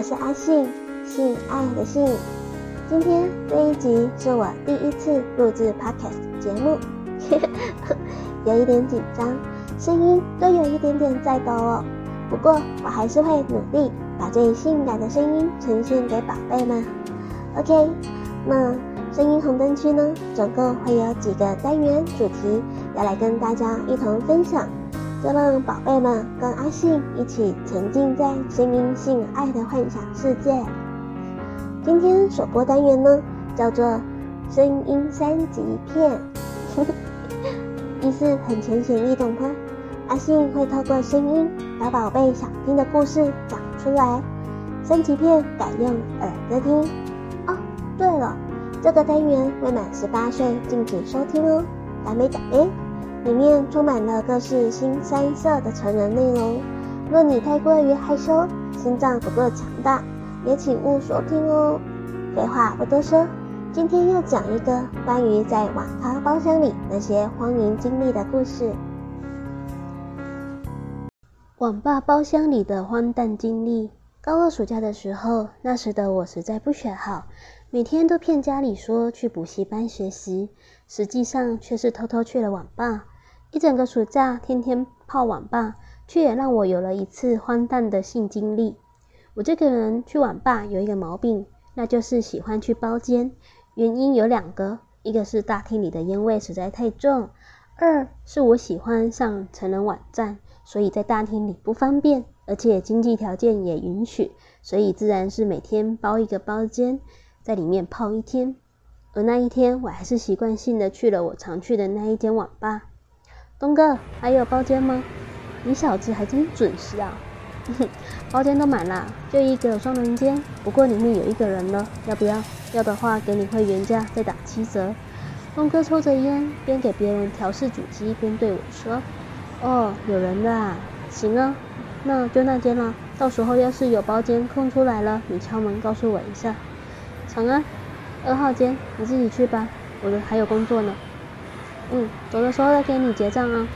我是阿信，信愛的信。今天這一集是我第一次錄製 Podcast 節目， 有一點緊張，聲音都有一點點在抖哦。不過我還是會努力，把最性感的聲音呈現給寶貝們。OK，那聲音紅燈區呢，總共會有幾個單元主題要來跟大家一同分享。就讓寶貝們跟阿信一起沉浸在聲音性愛的幻想世界。今天首播單元呢，叫做“聲音三級片”， 意思很淺顯易懂呵。阿信會透過聲音把寶貝想聽的故事講出來，三級片改用耳朵聽。哦，對了，這個單元未滿十八歲禁止收聽哦，達咩達咩。裡面充滿了各式新三色的成人內容。哦，若你太過於害羞，心臟不夠強大，也請勿收聽哦。廢話不多說，今天要講一個關於在網咖包廂裡那些荒淫經歷的故事。網吧包廂裡的荒誕經歷。高二暑假的時候，那時的我實在不學好，每天都騙家裡說去補習班學習，實際上卻是偷偷去了網吧。一整個暑假，天天泡網吧，卻也讓我有了一次荒誕的性經歷。我這個人去網吧有一個毛病，那就是喜歡去包間。原因有兩個：一個是大廳裡的煙味實在太重；二是我喜歡上成人網站，所以在大廳裡不方便，而且經濟條件也允許，所以自然是每天包一個包間，在裡面泡一天。而那一天，我還是習慣性的去了我常去的那一間網吧。東哥，還有包間嗎？你小子還真準時啊！ 包間都滿了，就一個雙人間，不過裡面有一個人了。要不要？要的話，給你會員價再打七折。東哥抽着煙，邊給別人調試主機，邊對我說：“哦，有人的啊。行啊，那就那間了。到時候要是有包間空出來了，你敲門告訴我一下。成啊安，二號間，你自己去吧，我的還有工作呢。”嗯，走的時候再給你結賬啊。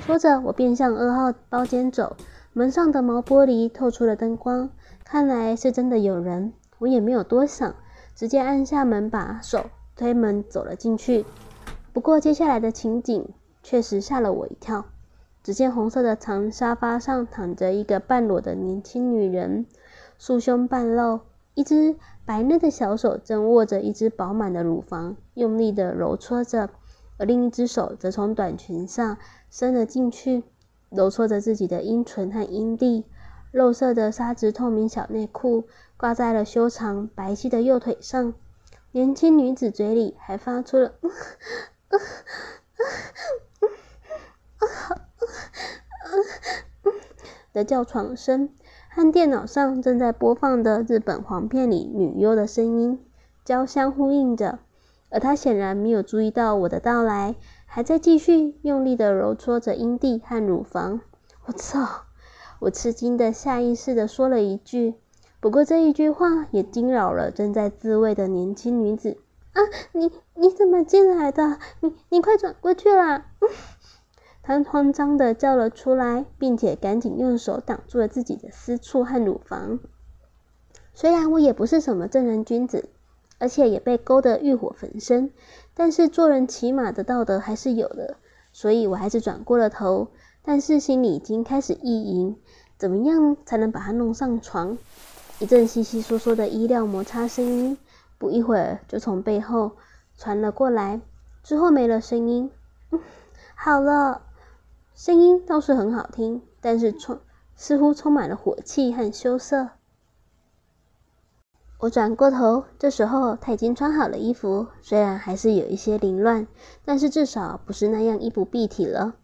說着，我便向二號包間走，門上的毛玻璃透出了燈光，看來是真的有人。我也沒有多想，直接按下門把手，推門走了進去。不過接下來的情景確實嚇了我一跳。只見紅色的長沙發上躺着一個半裸的年輕女人，酥胸半露，一隻白嫩的小手正握着一隻飽滿的乳房，用力地揉搓着。另一隻手則從短裙上伸了進去，揉搓着自己的陰唇和陰蒂，肉色的紗質透明小內褲掛在了修長白皙的右腿上。年輕女子嘴裡還發出了“ 的叫床聲，和電腦上正在播放的日本黃片裡女優的聲音交相呼應着。而他顯然沒有注意到我的到來，還在繼續用力的揉搓着陰蒂和乳房。我、oh, 操！」我吃驚的下意識的說了一句，不過這一句話也驚擾了正在自慰的年輕女子。啊，你你怎麼進來的？你你快轉過去啦！她、嗯、慌張的叫了出來，並且趕緊用手擋住了自己的私處和乳房。雖然我也不是什麼正人君子。而且也被勾得慾火焚身，但是做人起碼的道德還是有的，所以我還是轉過了頭。但是心裡已經開始意淫，怎麼樣才能把它弄上床？一陣窸窸窣窣的衣料摩擦聲音，不一會兒就從背後傳了過來，之後沒了聲音。嗯，好了，聲音倒是很好聽，但是充似乎充滿了火氣和羞澀。我轉過頭，這時候她已經穿好了衣服，雖然還是有一些凌亂，但是至少不是那樣衣不蔽體了。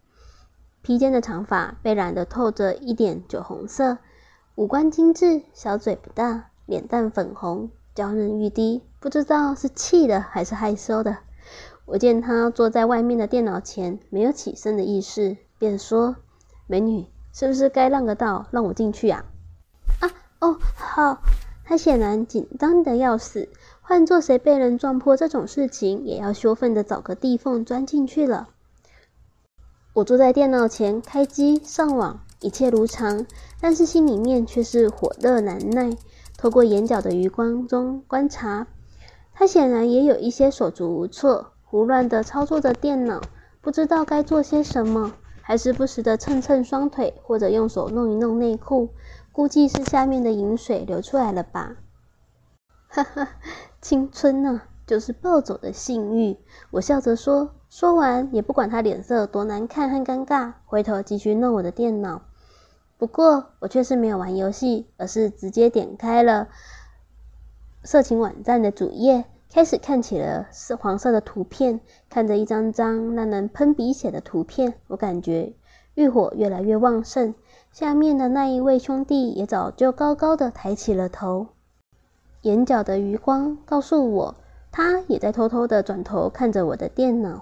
披肩的長髮被染得透着一點酒紅色，五官精致，小嘴不大，臉蛋粉紅，嬌嫩欲滴，不知道是氣的還是害羞的。我見她坐在外面的電腦前，沒有起身的意思，便說：“美女，是不是該讓個道，讓我進去啊？”啊，哦，好。他顯然緊張的要死，換作誰被人撞破這種事情，也要羞憤的找個地縫鑽進去了。我坐在電腦前，開機上網，一切如常，但是心裡面卻是火熱難耐。透過眼角的餘光中觀察，他顯然也有一些手足無措，胡亂的操作着電腦，不知道該做些什麼，還時不時的蹭蹭雙腿，或者用手弄一弄內褲。估計是下面的淫水流出來了吧？哈哈，青春呢、啊，就是暴走的性慾。我笑着說，說完也不管他臉色多難看和尷尬，回頭繼續弄我的電腦。不過我卻是沒有玩遊戲，而是直接點開了色情網站的主頁，開始看起了是黃色的圖片。看着一張張讓人噴鼻血的圖片，我感覺慾火越來越旺盛。下面的那一位兄弟也早就高高的抬起了頭，眼角的餘光告訴我，他也在偷偷的轉頭看着我的電腦。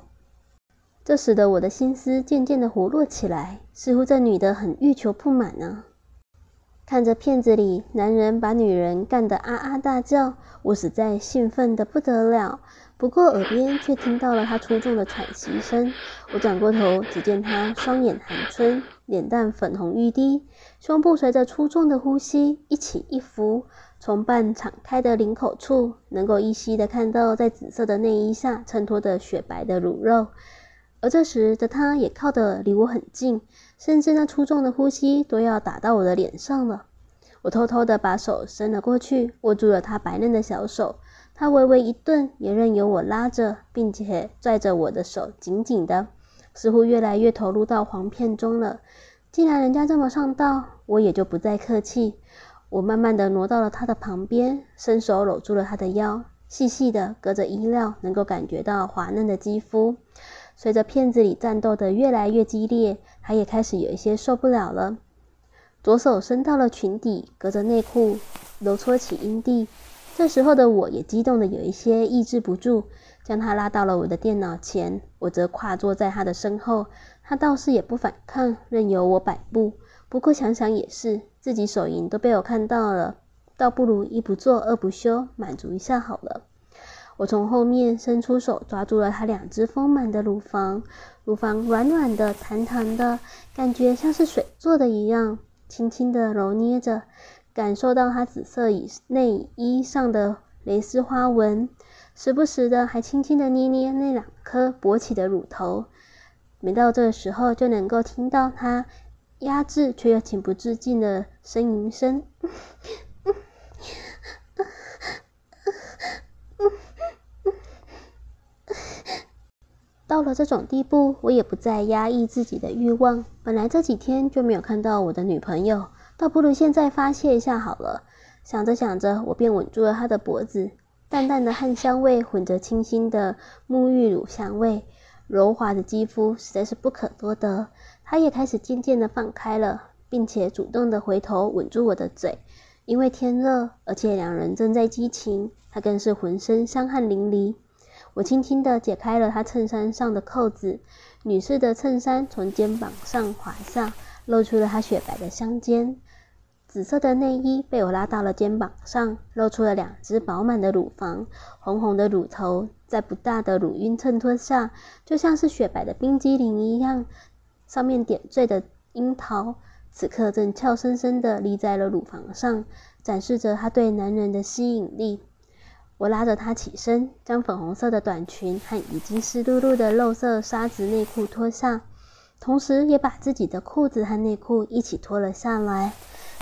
這使得我的心思漸漸的活絡起來，似乎這女的很欲求不滿呢、啊。看着片子裡男人把女人幹得啊啊大叫，我實在興奮得不得了。不過耳邊卻聽到了她粗重的喘息聲。我轉過頭，只見她雙眼含春，臉蛋粉紅欲滴，胸部隨着粗重的呼吸一起一伏，從半敞開的領口處能夠依稀的看到，在紫色的內衣下襯托着雪白的乳肉。而這時的他也靠得離我很近，甚至那粗重的呼吸都要打到我的臉上了。我偷偷的把手伸了過去，握住了他白嫩的小手。他微微一頓，也任由我拉着，並且拽着我的手緊緊的，似乎越來越投入到黃片中了。既然人家這麼上道，我也就不再客氣。我慢慢的挪到了他的旁邊，伸手摟住了他的腰，細細的隔着衣料能夠感覺到滑嫩的肌膚。隨着片子裡戰鬥的越來越激烈，他也開始有一些受不了了。左手伸到了裙底，隔着內褲揉搓起陰蒂。這時候的我也激動的有一些抑制不住，將他拉到了我的電腦前，我則跨坐在他的身後。他倒是也不反抗，任由我擺佈。不過想想也是，自己手淫都被我看到了，倒不如一不做二不休，滿足一下好了。我從後面伸出手，抓住了她兩隻豐滿的乳房，乳房軟軟的、彈彈的，感覺像是水做的一樣，輕輕地揉捏着，感受到她紫色內衣上的蕾絲花紋，時不時的還輕輕地捏捏那兩顆勃起的乳頭，每到這時候就能夠聽到她壓制卻又情不自禁的呻吟聲。 到了這種地步，我也不再壓抑自己的慾望。本來這幾天就沒有看到我的女朋友，倒不如現在發洩一下好了。想着想着，我便吻住了她的脖子，淡淡的汗香味混着清新的沐浴乳香味，柔滑的肌膚實在是不可多得。她也開始漸漸的放開了，並且主動的回頭吻住我的嘴。因為天熱，而且兩人正在激情，她更是渾身香汗淋漓。我輕輕地解開了她襯衫上的扣子，女士的襯衫從肩膀上滑下，露出了她雪白的香肩。紫色的內衣被我拉到了肩膀上，露出了兩隻飽滿的乳房。紅紅的乳頭在不大的乳暈襯托下，就像是雪白的冰激凌一樣，上面點綴的櫻桃，此刻正俏生生地立在了乳房上，展示着她對男人的吸引力。我拉着她起身，將粉紅色的短裙和已經濕漉漉的肉色紗質內褲脫下，同時也把自己的褲子和內褲一起脫了下來。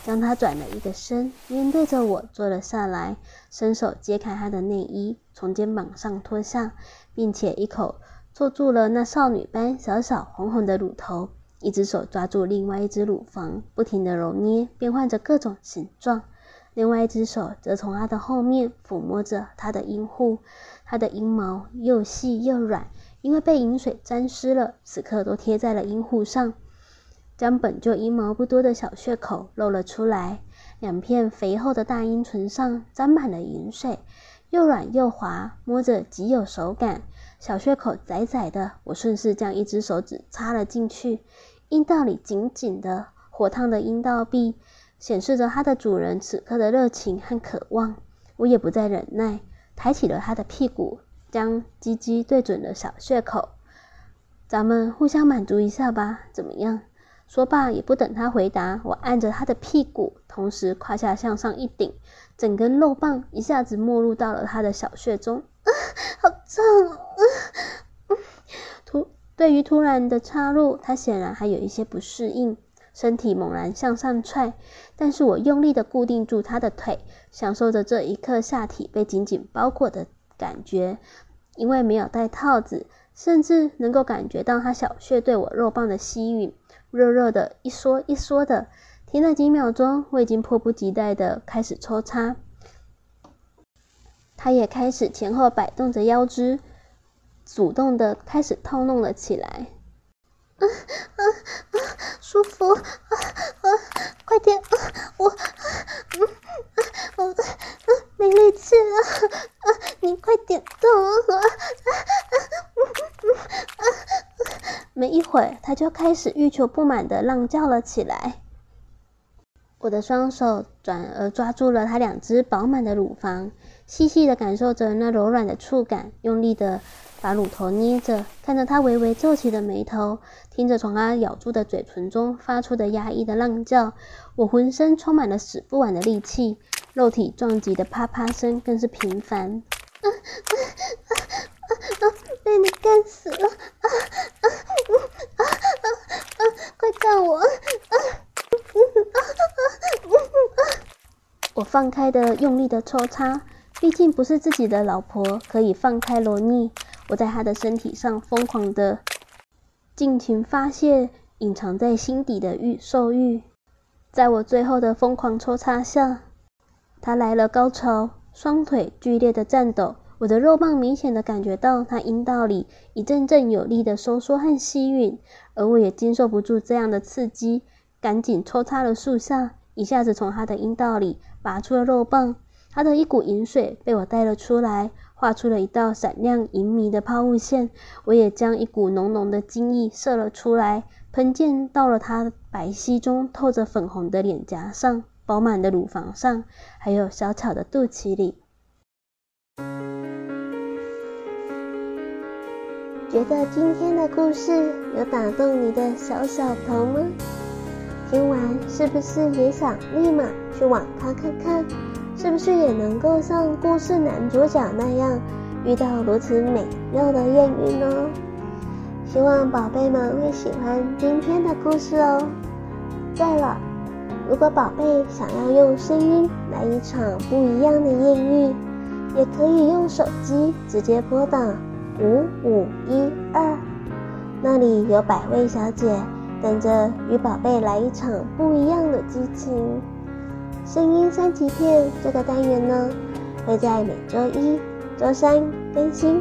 將她轉了一個身，面對着我坐了下來，伸手揭開她的內衣，從肩膀上脫下，並且一口嘬住了那少女般小小紅紅的乳頭，一隻手抓住另外一隻乳房，不停地揉捏，變換着各種形狀。另外一隻手則從他的後面撫摸着他的陰戶，他的陰毛又細又軟，因為被淫水沾濕了，此刻都貼在了陰戶上，將本就陰毛不多的小穴口露了出來。兩片肥厚的大陰唇上沾滿了淫水，又軟又滑，摸着極有手感。小穴口窄窄的，我順勢將一隻手指插了進去，陰道裡緊緊的，火燙的陰道壁。顯示着它的主人此刻的熱情和渴望，我也不再忍耐，抬起了它的屁股，將雞雞對準了小穴口。咱們互相滿足一下吧，怎麼樣？說罷，也不等他回答，我按着他的屁股，同時胯下向上一頂，整根肉棒一下子沒入到了他的小穴中。啊 好臭，好 脹！突對於突然的插入，他顯然還有一些不適應。身體猛然向上踹，但是我用力的固定住他的腿，享受着這一刻下體被緊緊包裹的感覺。因為沒有戴套子，甚至能夠感覺到他小穴對我肉棒的吸吮，熱熱的，一縮一縮的。停了幾秒鐘，我已經迫不及待的開始抽插，他也開始前後擺動着腰肢，主動的開始套弄了起來。嗯嗯嗯，舒服啊啊！快點啊！我，嗯、啊、嗯，我，嗯，沒力氣了啊！你快點動啊！啊啊、啊、啊、啊！沒一會兒，他就開始欲求不滿的浪叫了起來。我的雙手轉而抓住了他兩只飽滿的乳房，細細的感受着那柔軟的觸感，用力的。把乳頭捏着，看着他微微皺起的眉頭，聽着從他咬住的嘴唇中發出的壓抑的浪叫，我渾身充滿了使不完的力氣，肉體撞擊的啪啪聲更是頻繁。被你幹死了！啊啊啊啊！快幹我！我放開的用力的抽插，畢竟不是自己的老婆，可以放開羅尼。我在她的身體上瘋狂的盡情發洩，隱藏在心底的慾獸慾。在我最後的瘋狂抽插下，她來了高潮，雙腿劇烈的顫抖。我的肉棒明顯的感覺到她陰道裡一陣陣有力的收縮和吸吮，而我也經受不住這樣的刺激，趕緊抽插了數下，一下子從她的陰道裡拔出了肉棒，她的一股淫水被我帶了出來。畫出了一道閃亮銀迷的拋物線，我也將一股濃濃的精液射了出來，噴濺到了她白皙中透着粉紅的臉頰上、飽滿的乳房上，還有小巧的肚臍裡。覺得今天的故事有打動你的小小頭嗎？聽完是不是也想立馬去網咖看看？是不是也能夠像故事男主角那樣遇到如此美妙的艷遇呢？希望寶貝們會喜歡今天的故事哦。對了，如果寶貝想要用聲音來一場不一樣的艷遇，也可以用手機直接撥打5512，那裡有百位小姐等着與寶貝來一場不一樣的激情。聲音三級片這個單元呢，會在每周一、周三更新，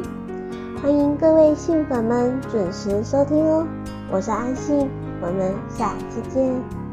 歡迎各位信粉們準時收聽哦。我是安信，我們下期見。